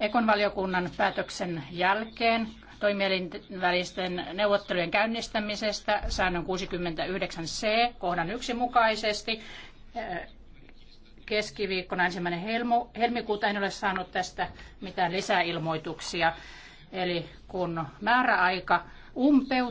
Ekon valiokunnan päätöksen jälkeen välisten neuvottelujen käynnistämisestä säännön 69c kohdan yksi mukaisesti. Keskiviikkona ensimmäinen helmikuuta en ole saanut tästä mitään lisäilmoituksia. Eli kun määräaika umpeutuu,